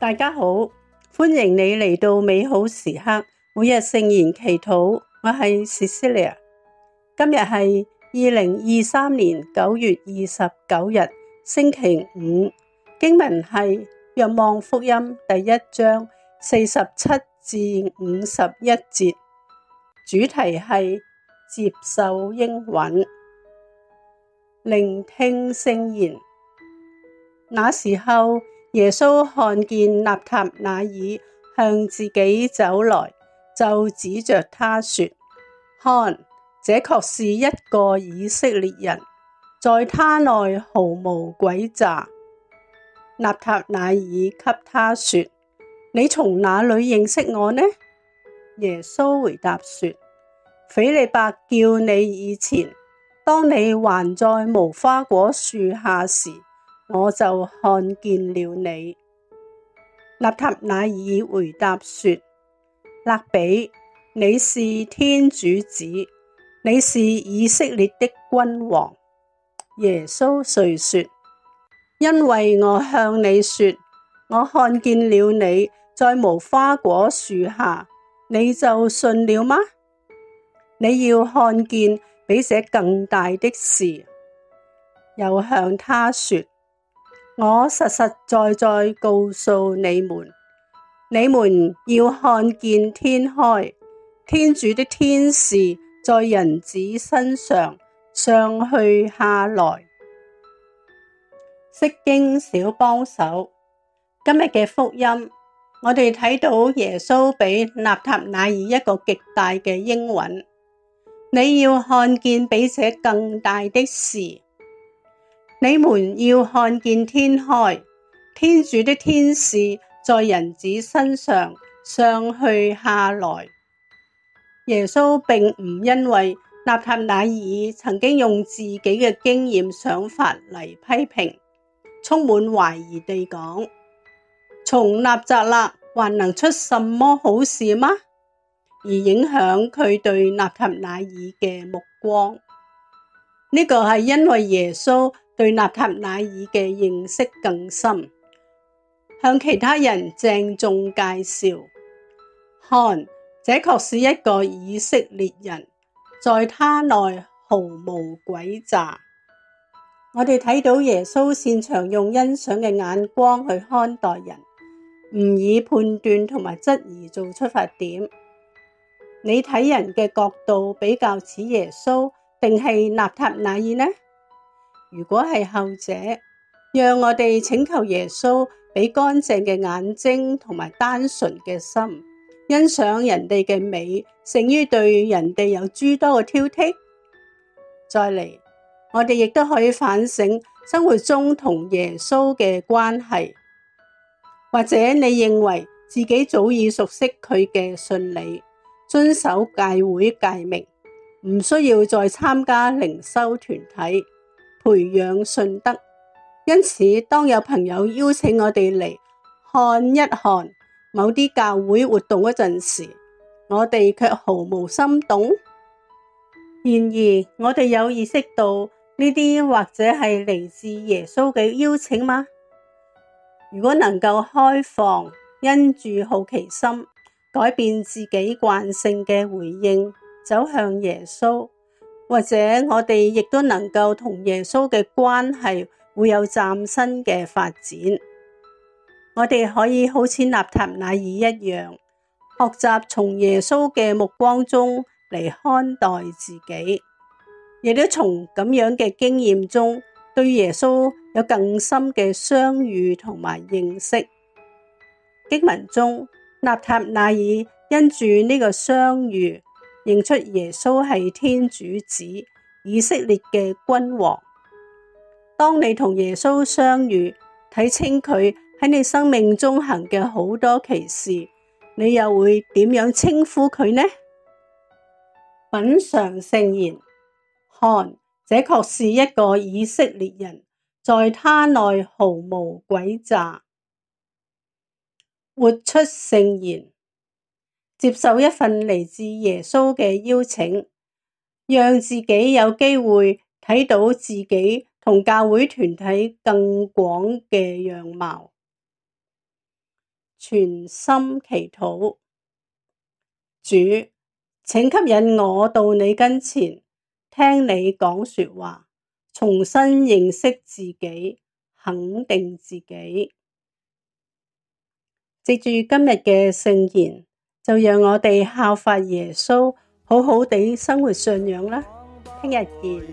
大家好，歡迎你嚟到美好時刻每日聖言祈禱，我係 Cecilia。今日係二零二三年九月二十九日星期五，經文係《若望福音》第一章四十七至五十一節，主題係接受應允，聆聽聖言。那時候。耶穌看見納塔乃耳向自己走來，就指着他說：看，這確是一個以色列人，在他內毫無詭詐。納塔乃耳給他說：你從哪裡認識我呢？耶穌回答說：斐理伯叫你以前，當你還在無花果樹下時。我就看見了你，納塔乃耳回答說：辣彼，你是天主子，你是以色列的君王。耶穌遂說：因為我向你說，我看見了你，在無花果樹下，你就信了嗎？你要看見比這更大的事。又向他說。我實實在在告訴你們，你們要看見天開，天主的天使在人子身上上去下來。釋經小幫手，今日嘅福音，我哋睇到耶穌俾納塔乃耳一個極大嘅應允，你要看見比這更大的事。你們要看見天開，天主的天使在人子身上上去下來。耶穌並唔因為納塔乃耳曾經用自己嘅經驗想法嚟批評，充滿懷疑地講：從納匝肋還能出什麼好事嗎？而影響佢對納塔乃耳嘅目光。呢、這個係因為耶穌。對納塔乃耳嘅認識更深，向其他人鄭重介紹。看，這確是一個以色列人，在他內毫無詭詐。我哋睇到耶穌擅長用欣賞嘅眼光去看待人，唔以判斷同埋質疑做出發點。你睇人嘅角度比較似耶穌，定係納塔乃耳呢？如果係後者，讓我哋請求耶穌俾乾淨嘅眼睛同埋單純嘅心，欣賞人哋嘅美，勝於對人哋有諸多嘅挑剔。再嚟，我哋亦都可以反省生活中同耶穌嘅關係，或者你認為自己早已熟悉佢嘅信理，遵守教會誡命，唔需要再參加靈修團體。培養信德，因此當有朋友邀請我哋嚟看一看某啲教會活動嗰陣時，我哋卻毫無心動。然而，我哋有意識到呢啲或者係嚟自耶穌嘅邀請嗎？如果能夠開放，因住好奇心改變自己慣性嘅回應，走向耶穌。或者我哋亦都能夠同耶穌嘅關係會有嶄新嘅發展，我哋可以好似納塔乃耳一樣，學習從耶穌嘅目光中嚟看待自己，亦都從咁樣嘅經驗中對耶穌有更深嘅相遇同埋認識。經文中，納塔乃耳因住呢個相遇。認出耶穌係天主子，以色列嘅君王。當你同耶穌相遇，睇清佢喺你生命中行嘅好多奇事，你又會點樣稱呼佢呢？品嚐聖言，看，這確是一個以色列人，在他內毫無詭詐，活出聖言。接受一份嚟自耶穌嘅邀請，讓自己有機會睇到自己同教會團體更廣嘅樣貌。全心祈禱，主，請吸引我到你跟前，聽你講說話，重新認識自己，肯定自己。藉住今日嘅聖言。就讓我哋效法耶穌，好好地生活信仰啦。聽日見。